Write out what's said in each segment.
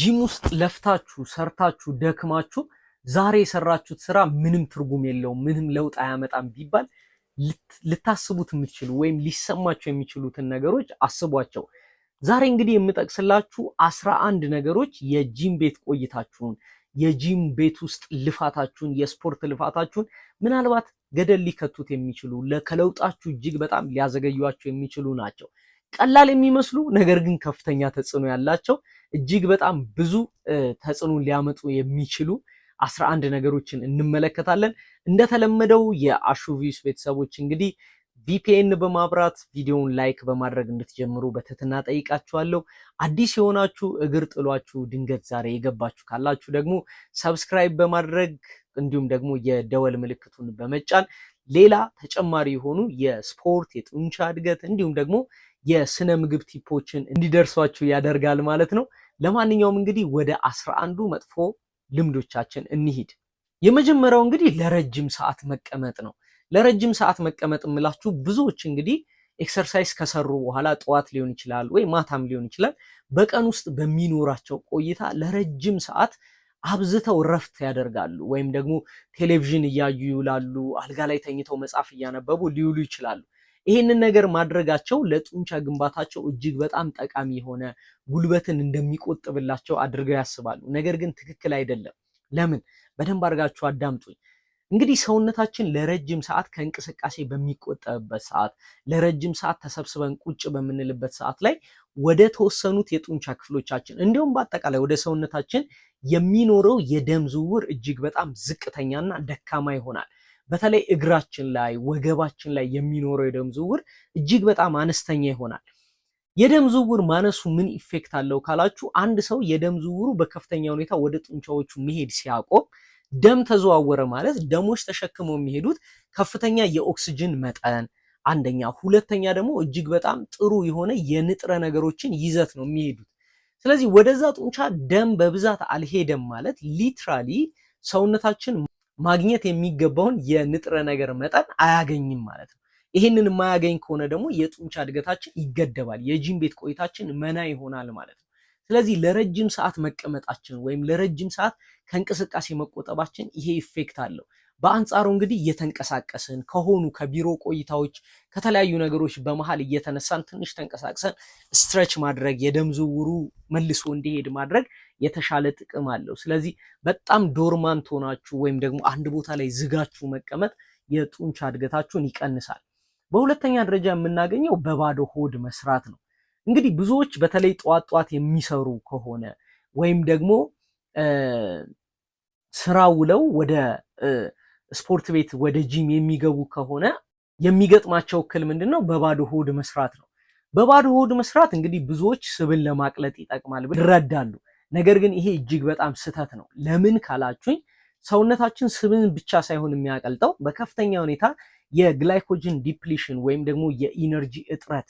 ጂም ውስጥ ለፍታችሁ ሰርታችሁ ደክማችሁ ዛሬ የሰራችሁት ስራ ምንም ትርጉም የለውም፣ ምንም ለውጥ አያመጣም ቢባል ልታስቡት የምትችሉ ወይም ሊሰማቸው የሚችሉትን ነገሮች አስቧቸው። ዛሬ እንግዲህ የምጠቅስላችሁ አስራ አንድ ነገሮች የጂም ቤት ቆይታችሁን የጂም ቤት ውስጥ ልፋታችሁን የስፖርት ልፋታችሁን ምናልባት ገደል ሊከቱት የሚችሉ ከለውጣችሁ እጅግ በጣም ሊያዘገዩአችሁ የሚችሉ ናቸው። ቀላል የሚመስሉ ነገር ግን ከፍተኛ ተጽዕኖ ያላቸው እጅግ በጣም ብዙ ተጽዕኖ ሊያመጡ የሚችሉ አስራ አንድ ነገሮችን እንመለከታለን። እንደተለመደው የአሹቪስ ቤተሰቦች እንግዲህ ቪፒኤን በማብራት ቪዲዮውን ላይክ በማድረግ እንድትጀምሩ በትህትና ጠይቃችኋለሁ። አዲስ የሆናችሁ እግር ጥሏችሁ ድንገት ዛሬ የገባችሁ ካላችሁ ደግሞ ሰብስክራይብ በማድረግ እንዲሁም ደግሞ የደወል ምልክቱን በመጫን ሌላ ተጨማሪ የሆኑ የስፖርት የጡንቻ እድገት እንዲሁም ደግሞ የስነ ምግብ ቲፖችን እንዲደርሷችሁ ያደርጋል ማለት ነው። ለማንኛውም እንግዲህ ወደ አስራ አንዱ መጥፎ ልምዶቻችን እንሂድ። የመጀመሪያው እንግዲህ ለረጅም ሰዓት መቀመጥ ነው። ለረጅም ሰዓት መቀመጥ የምላችሁ ብዙዎች እንግዲህ ኤክሰርሳይዝ ከሰሩ በኋላ ጠዋት ሊሆን ይችላል ወይ ማታም ሊሆን ይችላል፣ በቀን ውስጥ በሚኖራቸው ቆይታ ለረጅም ሰዓት አብዝተው ረፍት ያደርጋሉ። ወይም ደግሞ ቴሌቪዥን እያዩ ይውላሉ። አልጋ ላይ ተኝተው መጽሐፍ እያነበቡ ሊውሉ ይችላሉ። ይሄንን ነገር ማድረጋቸው ለጡንቻ ግንባታቸው እጅግ በጣም ጠቃሚ የሆነ ጉልበትን እንደሚቆጥብላቸው አድርገው ያስባሉ። ነገር ግን ትክክል አይደለም። ለምን? በደንብ አድርጋችሁ አዳምጡኝ። እንግዲህ ሰውነታችን ለረጅም ሰዓት ከእንቅስቃሴ በሚቆጠብበት ሰዓት፣ ለረጅም ሰዓት ተሰብስበን ቁጭ በምንልበት ሰዓት ላይ ወደ ተወሰኑት የጡንቻ ክፍሎቻችን እንዲሁም በአጠቃላይ ወደ ሰውነታችን የሚኖረው የደም ዝውውር እጅግ በጣም ዝቅተኛና ደካማ ይሆናል። በተለይ እግራችን ላይ ወገባችን ላይ የሚኖረው የደም ዝውውር እጅግ በጣም አነስተኛ ይሆናል። የደም ዝውውር ማነሱ ምን ኢፌክት አለው ካላችሁ፣ አንድ ሰው የደም ዝውውሩ በከፍተኛ ሁኔታ ወደ ጡንቻዎቹ መሄድ ሲያቆም ደም ተዘዋወረ ማለት ደሞች ተሸክመው የሚሄዱት ከፍተኛ የኦክስጅን መጠን አንደኛ፣ ሁለተኛ ደግሞ እጅግ በጣም ጥሩ የሆነ የንጥረ ነገሮችን ይዘት ነው የሚሄዱት። ስለዚህ ወደዛ ጡንቻ ደም በብዛት አልሄደም ማለት ሊትራሊ ሰውነታችን ማግኘት የሚገባውን የንጥረ ነገር መጠን አያገኝም ማለት ነው። ይህንን የማያገኝ ከሆነ ደግሞ የጡንቻ እድገታችን ይገደባል፣ የጂም ቤት ቆይታችን መና ይሆናል ማለት ነው። ስለዚህ ለረጅም ሰዓት መቀመጣችን ወይም ለረጅም ሰዓት ከእንቅስቃሴ መቆጠባችን ይሄ ኢፌክት አለው። በአንጻሩ እንግዲህ እየተንቀሳቀስን ከሆኑ ከቢሮ ቆይታዎች ከተለያዩ ነገሮች በመሀል እየተነሳን ትንሽ ተንቀሳቅሰን ስትረች ማድረግ የደም ዝውውሩ መልሶ እንዲሄድ ማድረግ የተሻለ ጥቅም አለው። ስለዚህ በጣም ዶርማንት ሆናችሁ ወይም ደግሞ አንድ ቦታ ላይ ዝጋችሁ መቀመጥ የጡንቻ እድገታችሁን ይቀንሳል። በሁለተኛ ደረጃ የምናገኘው በባዶ ሆድ መስራት ነው። እንግዲህ ብዙዎች በተለይ ጠዋት ጠዋት የሚሰሩ ከሆነ ወይም ደግሞ ስራ ውለው ወደ ስፖርት ቤት ወደ ጂም የሚገቡ ከሆነ የሚገጥማቸው እክል ምንድን ነው? በባዶ ሆድ መስራት ነው። በባዶ ሆድ መስራት እንግዲህ ብዙዎች ስብን ለማቅለጥ ይጠቅማል ይረዳሉ። ነገር ግን ይሄ እጅግ በጣም ስህተት ነው። ለምን ካላችሁኝ ሰውነታችን ስብን ብቻ ሳይሆን የሚያቀልጠው በከፍተኛ ሁኔታ የግላይኮጅን ዲፕሊሽን ወይም ደግሞ የኢነርጂ እጥረት፣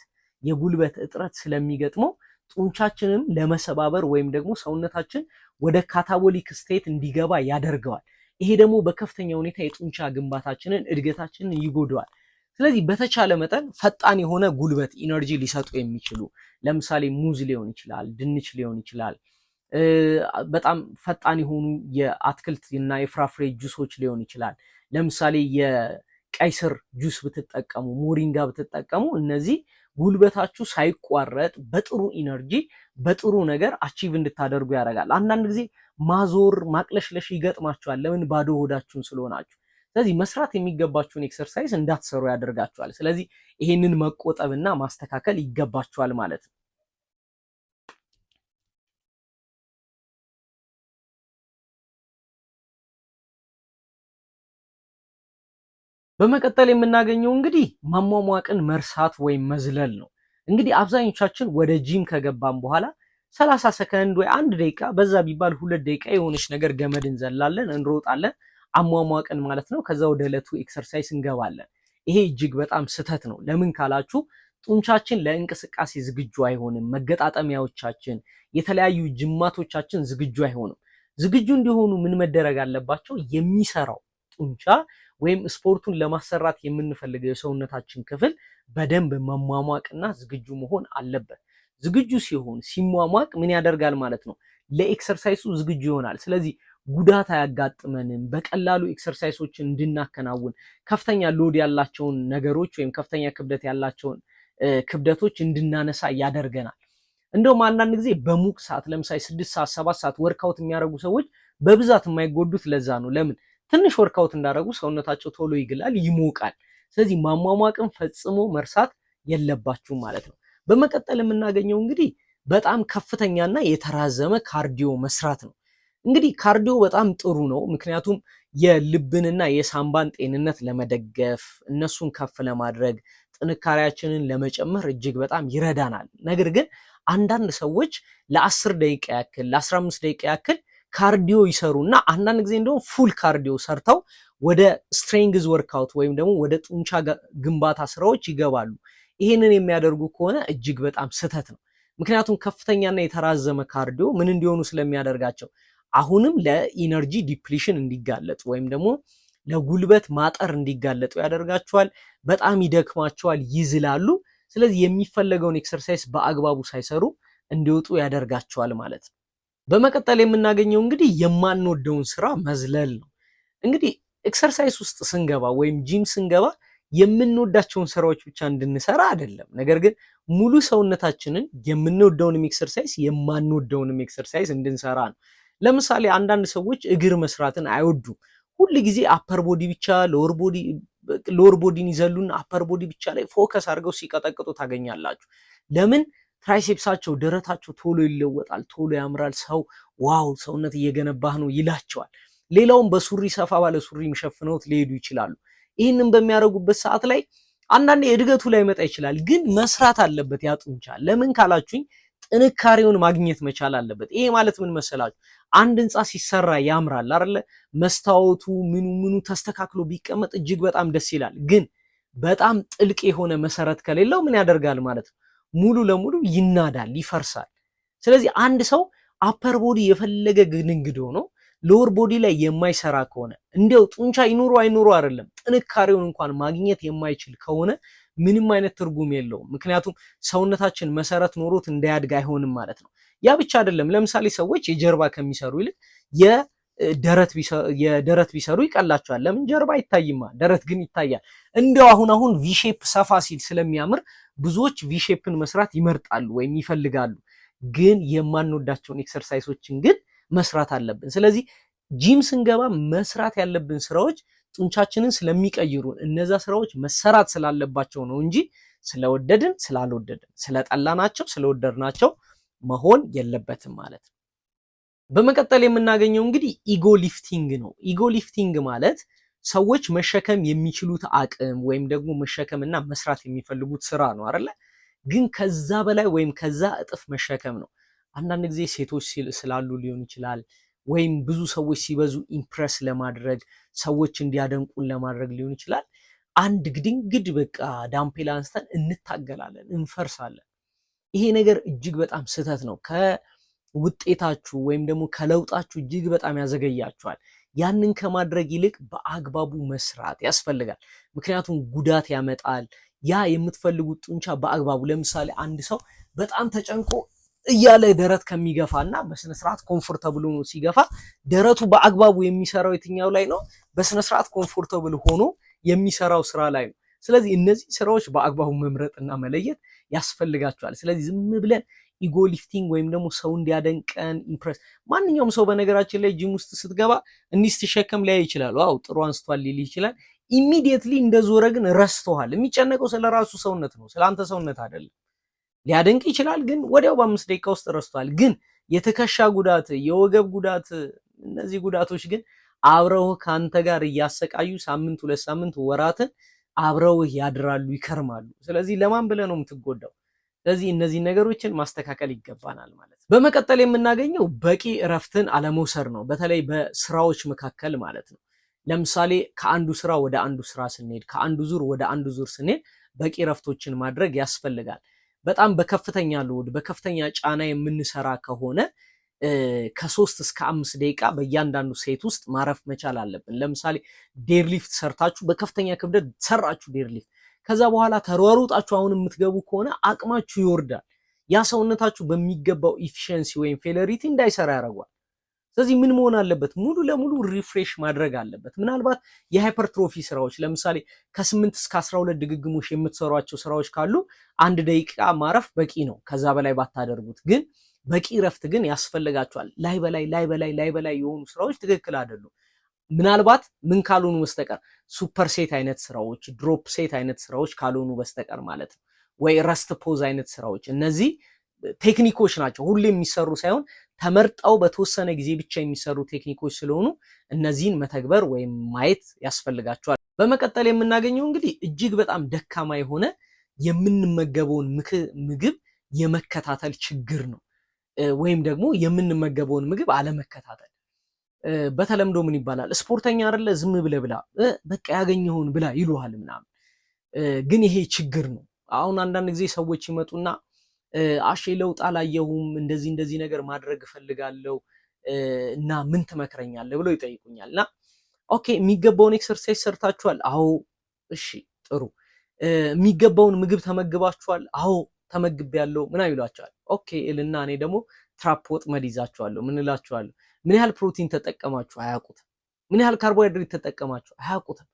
የጉልበት እጥረት ስለሚገጥመው ጡንቻችንም ለመሰባበር ወይም ደግሞ ሰውነታችን ወደ ካታቦሊክ ስቴት እንዲገባ ያደርገዋል። ይሄ ደግሞ በከፍተኛ ሁኔታ የጡንቻ ግንባታችንን እድገታችንን ይጎደዋል። ስለዚህ በተቻለ መጠን ፈጣን የሆነ ጉልበት ኢነርጂ ሊሰጡ የሚችሉ ለምሳሌ ሙዝ ሊሆን ይችላል፣ ድንች ሊሆን ይችላል፣ በጣም ፈጣን የሆኑ የአትክልት እና የፍራፍሬ ጁሶች ሊሆን ይችላል። ለምሳሌ የቀይ ስር ጁስ ብትጠቀሙ፣ ሞሪንጋ ብትጠቀሙ እነዚህ ጉልበታችሁ ሳይቋረጥ በጥሩ ኢነርጂ በጥሩ ነገር አቺቭ እንድታደርጉ ያደርጋል። አንዳንድ ጊዜ ማዞር ማቅለሽለሽ ይገጥማችኋል። ለምን? ባዶ ሆዳችሁን ስለሆናችሁ። ስለዚህ መስራት የሚገባችሁን ኤክሰርሳይዝ እንዳትሰሩ ያደርጋችኋል። ስለዚህ ይሄንን መቆጠብና ማስተካከል ይገባችኋል ማለት ነው። በመቀጠል የምናገኘው እንግዲህ መሟሟቅን መርሳት ወይም መዝለል ነው። እንግዲህ አብዛኞቻችን ወደ ጂም ከገባን በኋላ ሰላሳ ሰከንድ ወይ አንድ ደቂቃ በዛ ቢባል ሁለት ደቂቃ የሆነች ነገር ገመድ እንዘላለን፣ እንሮጣለን፣ አሟሟቅን ማለት ነው። ከዛ ወደ ዕለቱ ኤክሰርሳይስ እንገባለን። ይሄ እጅግ በጣም ስህተት ነው። ለምን ካላችሁ ጡንቻችን ለእንቅስቃሴ ዝግጁ አይሆንም። መገጣጠሚያዎቻችን፣ የተለያዩ ጅማቶቻችን ዝግጁ አይሆንም። ዝግጁ እንዲሆኑ ምን መደረግ አለባቸው? የሚሰራው ጡንቻ ወይም ስፖርቱን ለማሰራት የምንፈልገው የሰውነታችን ክፍል በደንብ መሟሟቅና ዝግጁ መሆን አለበት። ዝግጁ ሲሆን ሲሟሟቅ ምን ያደርጋል ማለት ነው? ለኤክሰርሳይሱ ዝግጁ ይሆናል። ስለዚህ ጉዳት አያጋጥመንም። በቀላሉ ኤክሰርሳይሶችን እንድናከናውን ከፍተኛ ሎድ ያላቸውን ነገሮች ወይም ከፍተኛ ክብደት ያላቸውን ክብደቶች እንድናነሳ ያደርገናል። እንደውም አንዳንድ ጊዜ በሙቅ ሰዓት ለምሳሌ ስድስት ሰዓት ሰባት ሰዓት ወርካውት የሚያደርጉ ሰዎች በብዛት የማይጎዱት ለዛ ነው። ለምን ትንሽ ወርካውት እንዳደረጉ ሰውነታቸው ቶሎ ይግላል፣ ይሞቃል። ስለዚህ ማሟሟቅን ፈጽሞ መርሳት የለባችሁም ማለት ነው። በመቀጠል የምናገኘው እንግዲህ በጣም ከፍተኛና የተራዘመ ካርዲዮ መስራት ነው። እንግዲህ ካርዲዮ በጣም ጥሩ ነው፣ ምክንያቱም የልብንና የሳምባን ጤንነት ለመደገፍ እነሱን ከፍ ለማድረግ ጥንካሬያችንን ለመጨመር እጅግ በጣም ይረዳናል። ነገር ግን አንዳንድ ሰዎች ለአስር ደቂቃ ያክል ለአስራ አምስት ደቂቃ ያክል ካርዲዮ ይሰሩ እና አንዳንድ ጊዜ እንደውም ፉል ካርዲዮ ሰርተው ወደ ስትሬንግዝ ወርካውት ወይም ደግሞ ወደ ጡንቻ ግንባታ ስራዎች ይገባሉ። ይሄንን የሚያደርጉ ከሆነ እጅግ በጣም ስህተት ነው። ምክንያቱም ከፍተኛና የተራዘመ ካርዲዮ ምን እንዲሆኑ ስለሚያደርጋቸው አሁንም ለኢነርጂ ዲፕሊሽን እንዲጋለጡ ወይም ደግሞ ለጉልበት ማጠር እንዲጋለጡ ያደርጋቸዋል። በጣም ይደክማቸዋል፣ ይዝላሉ። ስለዚህ የሚፈለገውን ኤክሰርሳይስ በአግባቡ ሳይሰሩ እንዲወጡ ያደርጋቸዋል ማለት ነው። በመቀጠል የምናገኘው እንግዲህ የማንወደውን ስራ መዝለል ነው። እንግዲህ ኤክሰርሳይስ ውስጥ ስንገባ ወይም ጂም ስንገባ የምንወዳቸውን ስራዎች ብቻ እንድንሰራ አይደለም። ነገር ግን ሙሉ ሰውነታችንን የምንወደውንም ኤክሰርሳይዝ የማንወደውንም ኤክሰርሳይዝ እንድንሰራ ነው። ለምሳሌ አንዳንድ ሰዎች እግር መስራትን አይወዱም። ሁል ጊዜ አፐር ቦዲ ብቻ ሎወር ቦዲ ሎወር ቦዲን ይዘሉና አፐር ቦዲ ብቻ ላይ ፎከስ አድርገው ሲቀጠቅጡ ታገኛላችሁ። ለምን? ትራይሴፕሳቸው፣ ደረታቸው ቶሎ ይለወጣል፣ ቶሎ ያምራል። ሰው ዋው ሰውነት እየገነባህ ነው ይላቸዋል። ሌላውም በሱሪ ሰፋ ባለ ሱሪ የሚሸፍነውት ሊሄዱ ይችላሉ። ይህንን በሚያደርጉበት ሰዓት ላይ አንዳንዴ እድገቱ ላይ መጣ ይችላል፣ ግን መስራት አለበት። ያ ለምን ካላችሁኝ ጥንካሬውን ማግኘት መቻል አለበት። ይሄ ማለት ምን መሰላችሁ? አንድ ህንፃ ሲሰራ ያምራል አይደለ? መስታወቱ ምኑ ምኑ ተስተካክሎ ቢቀመጥ እጅግ በጣም ደስ ይላል። ግን በጣም ጥልቅ የሆነ መሰረት ከሌለው ምን ያደርጋል ማለት ነው? ሙሉ ለሙሉ ይናዳል፣ ይፈርሳል። ስለዚህ አንድ ሰው አፐር ቦዲ የፈለገ ግንግዶ ነው ሎወር ቦዲ ላይ የማይሰራ ከሆነ እንዲያው ጡንቻ ይኑሮ አይኑሮ አይደለም ጥንካሬውን እንኳን ማግኘት የማይችል ከሆነ ምንም አይነት ትርጉም የለውም። ምክንያቱም ሰውነታችን መሰረት ኖሮት እንዳያድግ አይሆንም ማለት ነው። ያ ብቻ አይደለም። ለምሳሌ ሰዎች የጀርባ ከሚሰሩ ይልቅ የደረት ቢሰሩ ይቀላቸዋል። ለምን? ጀርባ አይታይማ፣ ደረት ግን ይታያል። እንዲያው አሁን አሁን ቪሼፕ ሰፋ ሲል ስለሚያምር ብዙዎች ቪሼፕን መስራት ይመርጣሉ ወይም ይፈልጋሉ። ግን የማንወዳቸውን ኤክሰርሳይሶችን ግን መስራት አለብን። ስለዚህ ጂም ስንገባ መስራት ያለብን ስራዎች ጡንቻችንን ስለሚቀይሩን እነዛ ስራዎች መሰራት ስላለባቸው ነው እንጂ ስለወደድን ስላልወደድን ስለጠላናቸው ስለወደድናቸው መሆን የለበትም ማለት ነው። በመቀጠል የምናገኘው እንግዲህ ኢጎ ሊፍቲንግ ነው። ኢጎ ሊፍቲንግ ማለት ሰዎች መሸከም የሚችሉት አቅም ወይም ደግሞ መሸከም እና መስራት የሚፈልጉት ስራ ነው አይደለ? ግን ከዛ በላይ ወይም ከዛ እጥፍ መሸከም ነው። አንዳንድ ጊዜ ሴቶች ስላሉ ሊሆን ይችላል ወይም ብዙ ሰዎች ሲበዙ ኢምፕረስ ለማድረግ ሰዎች እንዲያደንቁን ለማድረግ ሊሆን ይችላል። አንድ ግድንግድ በቃ ዳምፔላ አንስተን እንታገላለን፣ እንፈርሳለን። ይሄ ነገር እጅግ በጣም ስህተት ነው። ከውጤታችሁ ወይም ደግሞ ከለውጣችሁ እጅግ በጣም ያዘገያችኋል። ያንን ከማድረግ ይልቅ በአግባቡ መስራት ያስፈልጋል። ምክንያቱም ጉዳት ያመጣል። ያ የምትፈልጉት ጡንቻ በአግባቡ ለምሳሌ አንድ ሰው በጣም ተጨንቆ እያለ ደረት ከሚገፋ እና በስነስርዓት ኮምፎርተብል ሆኖ ሲገፋ ደረቱ በአግባቡ የሚሰራው የትኛው ላይ ነው? በስነስርዓት ኮምፎርተብል ሆኖ የሚሰራው ስራ ላይ ነው። ስለዚህ እነዚህ ስራዎች በአግባቡ መምረጥና መለየት ያስፈልጋቸዋል። ስለዚህ ዝም ብለን ኢጎ ሊፍቲንግ ወይም ደግሞ ሰው እንዲያደንቀን ኢምፕረስ ማንኛውም ሰው በነገራችን ላይ ጂም ውስጥ ስትገባ እንዲህ ስትሸከም ላይ ይችላል። ዋው ጥሩ አንስቷል ሊል ይችላል። ኢሚዲየትሊ እንደዞረ ግን ረስተዋል። የሚጨነቀው ስለ ራሱ ሰውነት ነው፣ ስለ አንተ ሰውነት አይደለም። ሊያደንቅ ይችላል፣ ግን ወዲያው በአምስት ደቂቃ ውስጥ ረስቷል። ግን የትከሻ ጉዳት፣ የወገብ ጉዳት፣ እነዚህ ጉዳቶች ግን አብረው ከአንተ ጋር እያሰቃዩ ሳምንት፣ ሁለት ሳምንት፣ ወራትን አብረው ያድራሉ፣ ይከርማሉ። ስለዚህ ለማን ብለህ ነው የምትጎዳው? ስለዚህ እነዚህ ነገሮችን ማስተካከል ይገባናል ማለት ነው። በመቀጠል የምናገኘው በቂ እረፍትን አለመውሰድ ነው። በተለይ በስራዎች መካከል ማለት ነው። ለምሳሌ ከአንዱ ስራ ወደ አንዱ ስራ ስንሄድ፣ ከአንዱ ዙር ወደ አንዱ ዙር ስንሄድ በቂ እረፍቶችን ማድረግ ያስፈልጋል። በጣም በከፍተኛ ሎድ በከፍተኛ ጫና የምንሰራ ከሆነ ከሶስት እስከ አምስት ደቂቃ በእያንዳንዱ ሴት ውስጥ ማረፍ መቻል አለብን። ለምሳሌ ዴርሊፍት ሰርታችሁ በከፍተኛ ክብደት ሰራችሁ ዴርሊፍት፣ ከዛ በኋላ ተሯሩጣችሁ አሁን የምትገቡ ከሆነ አቅማችሁ ይወርዳል። ያ ሰውነታችሁ በሚገባው ኢፊሽንሲ ወይም ፌለሪቲ እንዳይሰራ ያደርጓል። ስለዚህ ምን መሆን አለበት? ሙሉ ለሙሉ ሪፍሬሽ ማድረግ አለበት። ምናልባት የሃይፐርትሮፊ ስራዎች ለምሳሌ ከ8 እስከ 12 ድግግሞሽ የምትሰሯቸው ስራዎች ካሉ አንድ ደቂቃ ማረፍ በቂ ነው። ከዛ በላይ ባታደርጉት ግን በቂ ረፍት ግን ያስፈልጋቸዋል። ላይ በላይ ላይ በላይ ላይ በላይ የሆኑ ስራዎች ትክክል አይደሉም። ምናልባት ምን ካልሆኑ በስተቀር ሱፐር ሴት አይነት ስራዎች፣ ድሮፕ ሴት አይነት ስራዎች ካልሆኑ በስተቀር ማለት ነው ወይ ረስት ፖዝ አይነት ስራዎች እነዚህ ቴክኒኮች ናቸው ሁሌ የሚሰሩ ሳይሆን ተመርጠው በተወሰነ ጊዜ ብቻ የሚሰሩ ቴክኒኮች ስለሆኑ እነዚህን መተግበር ወይም ማየት ያስፈልጋቸዋል። በመቀጠል የምናገኘው እንግዲህ እጅግ በጣም ደካማ የሆነ የምንመገበውን ምግብ የመከታተል ችግር ነው። ወይም ደግሞ የምንመገበውን ምግብ አለመከታተል። በተለምዶ ምን ይባላል? ስፖርተኛ አይደለ ዝም ብለ ብላ፣ በቃ ያገኘውን ብላ ይሉሃል ምናምን። ግን ይሄ ችግር ነው። አሁን አንዳንድ ጊዜ ሰዎች ይመጡና አሼ ለውጥ አላየሁም፣ እንደዚህ እንደዚህ ነገር ማድረግ እፈልጋለሁ እና ምን ትመክረኛለህ ብለው ይጠይቁኛል። እና ኦኬ የሚገባውን ኤክሰርሳይዝ ሰርታችኋል? አዎ። እሺ ጥሩ። የሚገባውን ምግብ ተመግባችኋል? አዎ ተመግብ ያለው ምን ይሏቸዋል። ኦኬ እልና እኔ ደግሞ ትራፕ ወጥመድ ይዛችኋለሁ። ምን እላችኋለሁ? ምን ያህል ፕሮቲን ተጠቀማችሁ? አያውቁትም። ምን ያህል ካርቦሃይድሬት ተጠቀማችሁ? አያውቁትም።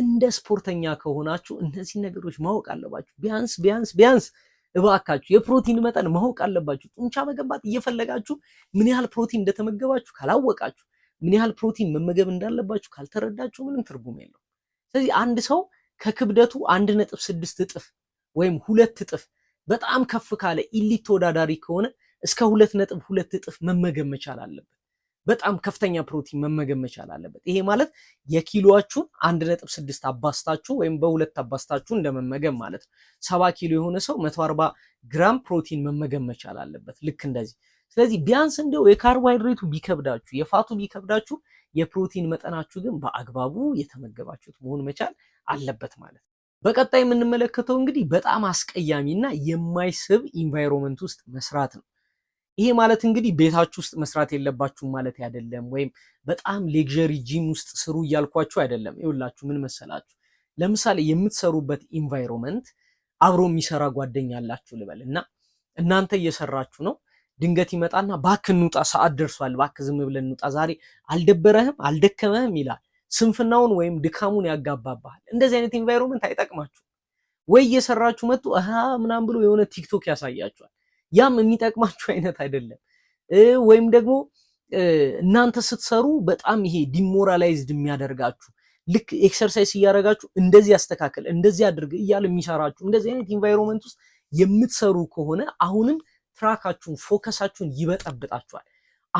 እንደ ስፖርተኛ ከሆናችሁ እነዚህ ነገሮች ማወቅ አለባችሁ። ቢያንስ ቢያንስ ቢያንስ እባካችሁ የፕሮቲን መጠን ማወቅ አለባችሁ። ጡንቻ መገንባት እየፈለጋችሁ ምን ያህል ፕሮቲን እንደተመገባችሁ ካላወቃችሁ፣ ምን ያህል ፕሮቲን መመገብ እንዳለባችሁ ካልተረዳችሁ ምንም ትርጉም የለው። ስለዚህ አንድ ሰው ከክብደቱ አንድ ነጥብ ስድስት እጥፍ ወይም ሁለት እጥፍ በጣም ከፍ ካለ ኢሊት ተወዳዳሪ ከሆነ እስከ ሁለት ነጥብ ሁለት እጥፍ መመገብ መቻል አለበት። በጣም ከፍተኛ ፕሮቲን መመገብ መቻል አለበት። ይሄ ማለት የኪሎዋችሁን አንድ ነጥብ ስድስት አባስታችሁ ወይም በሁለት አባስታችሁ እንደመመገብ ማለት ነው። ሰባ ኪሎ የሆነ ሰው መቶ አርባ ግራም ፕሮቲን መመገብ መቻል አለበት። ልክ እንደዚህ። ስለዚህ ቢያንስ እንደው የካርቦሃይድሬቱ ቢከብዳችሁ፣ የፋቱ ቢከብዳችሁ፣ የፕሮቲን መጠናችሁ ግን በአግባቡ የተመገባችሁት መሆን መቻል አለበት ማለት ነው። በቀጣይ የምንመለከተው እንግዲህ በጣም አስቀያሚ እና የማይስብ ኢንቫይሮንመንት ውስጥ መስራት ነው። ይሄ ማለት እንግዲህ ቤታችሁ ውስጥ መስራት የለባችሁም ማለት አይደለም፣ ወይም በጣም ሌግዠሪ ጂም ውስጥ ስሩ እያልኳችሁ አይደለም። ይውላችሁ ምን መሰላችሁ፣ ለምሳሌ የምትሰሩበት ኢንቫይሮንመንት አብሮ የሚሰራ ጓደኛ አላችሁ ልበል እና እናንተ እየሰራችሁ ነው። ድንገት ይመጣና ባክ እንውጣ፣ ሰዓት ደርሷል፣ ባክ ዝም ብለን እንውጣ፣ ዛሬ አልደበረህም አልደከመህም ይላል። ስንፍናውን ወይም ድካሙን ያጋባባል። እንደዚህ አይነት ኢንቫይሮንመንት አይጠቅማችሁ ወይ እየሰራችሁ መጡ ምናምን ብሎ የሆነ ቲክቶክ ያሳያችኋል ያም የሚጠቅማችሁ አይነት አይደለም። ወይም ደግሞ እናንተ ስትሰሩ በጣም ይሄ ዲሞራላይዝድ የሚያደርጋችሁ ልክ ኤክሰርሳይዝ እያደረጋችሁ እንደዚህ ያስተካከል እንደዚህ አድርግ እያለ የሚሰራችሁ እንደዚህ አይነት ኢንቫይሮንመንት ውስጥ የምትሰሩ ከሆነ አሁንም ትራካችሁን ፎከሳችሁን ይበጠብጣችኋል።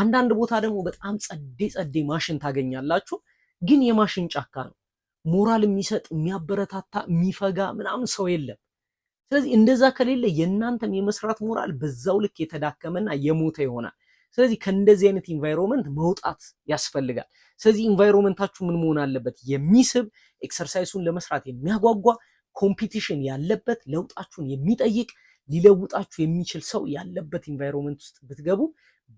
አንዳንድ ቦታ ደግሞ በጣም ጸዴ ጸዴ ማሽን ታገኛላችሁ፣ ግን የማሽን ጫካ ነው። ሞራል የሚሰጥ የሚያበረታታ የሚፈጋ ምናምን ሰው የለም። ስለዚህ እንደዛ ከሌለ የእናንተም የመስራት ሞራል በዛው ልክ የተዳከመና የሞተ ይሆናል። ስለዚህ ከእንደዚህ አይነት ኢንቫይሮንመንት መውጣት ያስፈልጋል። ስለዚህ ኢንቫይሮንመንታችሁ ምን መሆን አለበት? የሚስብ ኤክሰርሳይሱን ለመስራት የሚያጓጓ ኮምፒቲሽን ያለበት ለውጣችሁን የሚጠይቅ ሊለውጣችሁ የሚችል ሰው ያለበት ኢንቫይሮንመንት ውስጥ ብትገቡ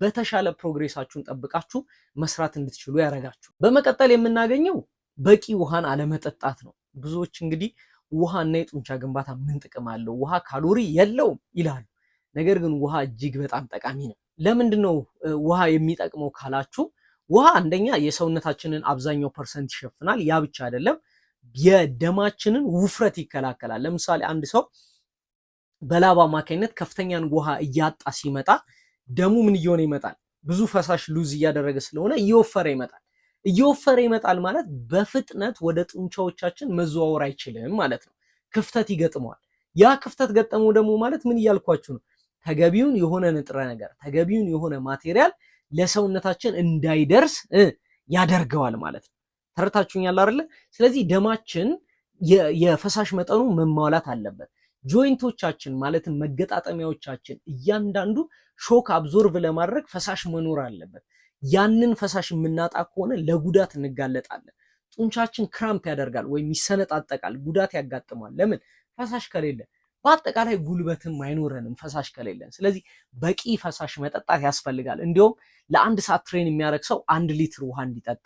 በተሻለ ፕሮግሬሳችሁን ጠብቃችሁ መስራት እንድትችሉ ያደርጋችሁ። በመቀጠል የምናገኘው በቂ ውሃን አለመጠጣት ነው። ብዙዎች እንግዲህ ውሃና የጡንቻ ግንባታ ምን ጥቅም አለው? ውሃ ካሎሪ የለውም ይላሉ። ነገር ግን ውሃ እጅግ በጣም ጠቃሚ ነው። ለምንድን ነው ውሃ የሚጠቅመው ካላችሁ፣ ውሃ አንደኛ የሰውነታችንን አብዛኛው ፐርሰንት ይሸፍናል። ያ ብቻ አይደለም፣ የደማችንን ውፍረት ይከላከላል። ለምሳሌ አንድ ሰው በላባ አማካኝነት ከፍተኛን ውሃ እያጣ ሲመጣ ደሙ ምን እየሆነ ይመጣል? ብዙ ፈሳሽ ሉዝ እያደረገ ስለሆነ እየወፈረ ይመጣል። እየወፈረ ይመጣል ማለት በፍጥነት ወደ ጡንቻዎቻችን መዘዋወር አይችልም ማለት ነው። ክፍተት ይገጥመዋል። ያ ክፍተት ገጠመው ደግሞ ማለት ምን እያልኳችሁ ነው? ተገቢውን የሆነ ንጥረ ነገር ተገቢውን የሆነ ማቴሪያል ለሰውነታችን እንዳይደርስ ያደርገዋል ማለት ነው። ተረታችሁኛል አይደለ? ስለዚህ ደማችን የፈሳሽ መጠኑ መሟላት አለበት። ጆይንቶቻችን ማለትም መገጣጠሚያዎቻችን እያንዳንዱ ሾክ አብዞርቭ ለማድረግ ፈሳሽ መኖር አለበት። ያንን ፈሳሽ የምናጣ ከሆነ ለጉዳት እንጋለጣለን። ጡንቻችን ክራምፕ ያደርጋል ወይም ይሰነጣጠቃል፣ ጉዳት ያጋጥማል። ለምን? ፈሳሽ ከሌለ። በአጠቃላይ ጉልበትም አይኖረንም ፈሳሽ ከሌለን። ስለዚህ በቂ ፈሳሽ መጠጣት ያስፈልጋል። እንዲሁም ለአንድ ሰዓት ትሬን የሚያደርግ ሰው አንድ ሊትር ውሃ እንዲጠጣ፣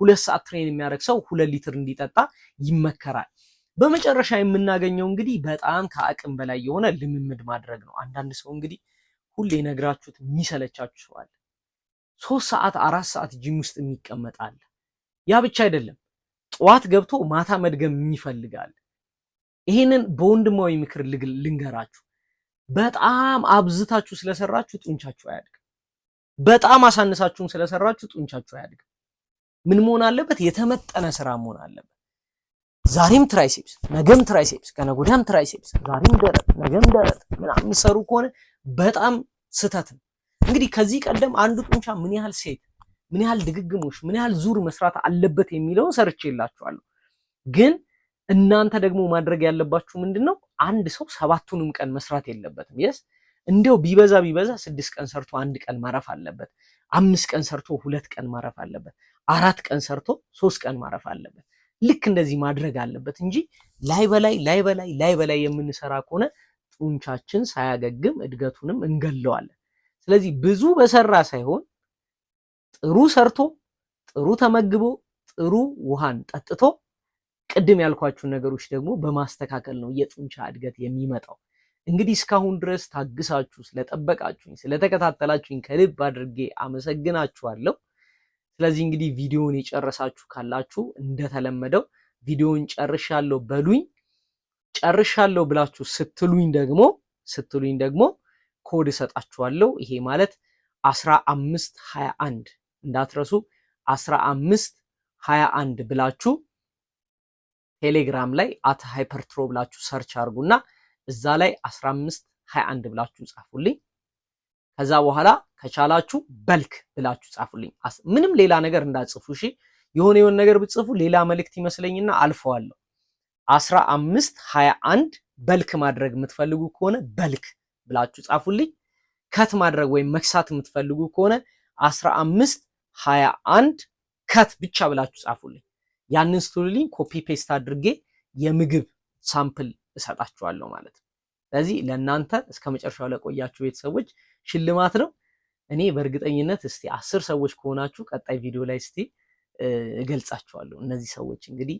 ሁለት ሰዓት ትሬን የሚያደርግ ሰው ሁለት ሊትር እንዲጠጣ ይመከራል። በመጨረሻ የምናገኘው እንግዲህ በጣም ከአቅም በላይ የሆነ ልምምድ ማድረግ ነው። አንዳንድ ሰው እንግዲህ ሁሌ ነግራችሁት የሚሰለቻችሁ ሰዋል ሶስት ሰዓት አራት ሰዓት ጂም ውስጥ የሚቀመጥ አለ። ያ ብቻ አይደለም፣ ጠዋት ገብቶ ማታ መድገም የሚፈልጋል። ይሄንን በወንድማዊ ምክር ልንገራችሁ፣ በጣም አብዝታችሁ ስለሰራችሁ ጡንቻችሁ አያድግም። በጣም አሳንሳችሁም ስለሰራችሁ ጡንቻችሁ አያድግም። ምን መሆን አለበት? የተመጠነ ስራ መሆን አለበት። ዛሬም ትራይሴፕስ፣ ነገም ትራይሴፕስ፣ ከነጎዳም ትራይሴፕስ፣ ዛሬም ደረት፣ ነገም ደረት ምናምን የምትሰሩ ከሆነ በጣም ስህተት ነው። እንግዲህ ከዚህ ቀደም አንድ ጡንቻ ምን ያህል ሴት፣ ምን ያህል ድግግሞች፣ ምን ያህል ዙር መስራት አለበት የሚለውን ሰርቼላችኋለሁ። ግን እናንተ ደግሞ ማድረግ ያለባችሁ ምንድን ነው? አንድ ሰው ሰባቱንም ቀን መስራት የለበትም። የስ እንዲያው ቢበዛ ቢበዛ ስድስት ቀን ሰርቶ አንድ ቀን ማረፍ አለበት። አምስት ቀን ሰርቶ ሁለት ቀን ማረፍ አለበት። አራት ቀን ሰርቶ ሶስት ቀን ማረፍ አለበት። ልክ እንደዚህ ማድረግ አለበት እንጂ ላይ በላይ ላይ በላይ ላይ በላይ የምንሰራ ከሆነ ጡንቻችን ሳያገግም እድገቱንም እንገለዋለን። ስለዚህ ብዙ በሰራ ሳይሆን ጥሩ ሰርቶ ጥሩ ተመግቦ ጥሩ ውሃን ጠጥቶ ቅድም ያልኳችሁን ነገሮች ደግሞ በማስተካከል ነው የጡንቻ እድገት የሚመጣው። እንግዲህ እስካሁን ድረስ ታግሳችሁ ስለጠበቃችሁኝ ስለተከታተላችሁኝ ከልብ አድርጌ አመሰግናችኋለሁ። ስለዚህ እንግዲህ ቪዲዮውን የጨረሳችሁ ካላችሁ እንደተለመደው ቪዲዮውን ጨርሻለሁ በሉኝ። ጨርሻለሁ ብላችሁ ስትሉኝ ደግሞ ስትሉኝ ደግሞ ኮድ እሰጣችኋለሁ። ይሄ ማለት 1521 እንዳትረሱ 15 21 ብላችሁ ቴሌግራም ላይ አት ሃይፐርትሮ ብላችሁ ሰርች አድርጉና እዛ ላይ 15 21 ብላችሁ ጻፉልኝ። ከዛ በኋላ ከቻላችሁ በልክ ብላችሁ ጻፉልኝ። ምንም ሌላ ነገር እንዳጽፉ እሺ። የሆነ የሆነ ነገር ብጽፉ ሌላ መልእክት ይመስለኝና አልፈዋለሁ። 15 21 በልክ ማድረግ የምትፈልጉ ከሆነ በልክ ብላችሁ ጻፉልኝ። ከት ማድረግ ወይም መክሳት የምትፈልጉ ከሆነ 15 21 ከት ብቻ ብላችሁ ጻፉልኝ። ያንን ስትሉልኝ ኮፒ ፔስት አድርጌ የምግብ ሳምፕል እሰጣችኋለሁ ማለት ነው። ስለዚህ ለእናንተ እስከ መጨረሻው ለቆያችሁ ቤተሰቦች ሽልማት ነው። እኔ በእርግጠኝነት እስቲ አስር ሰዎች ከሆናችሁ ቀጣይ ቪዲዮ ላይ እስቲ እገልጻችኋለሁ። እነዚህ ሰዎች እንግዲህ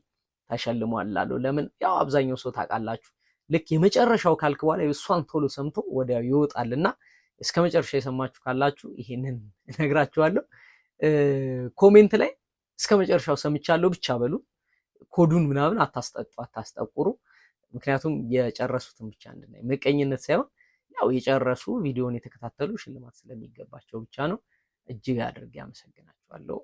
ተሸልሟል ለምን ያው አብዛኛው ሰው ታውቃላችሁ ልክ የመጨረሻው ካልክ በኋላ የእሷን ቶሎ ሰምቶ ወዲያው ይወጣል እና እስከ መጨረሻ የሰማችሁ ካላችሁ ይሄንን እነግራችኋለሁ። ኮሜንት ላይ እስከ መጨረሻው ሰምቻለሁ ብቻ በሉ። ኮዱን ምናምን አታስጠጡ፣ አታስጠቁሩ። ምክንያቱም የጨረሱትን ብቻ እንድናይ መቀኝነት ሳይሆን ያው የጨረሱ ቪዲዮን የተከታተሉ ሽልማት ስለሚገባቸው ብቻ ነው። እጅግ አድርጌ አመሰግናችኋለሁ።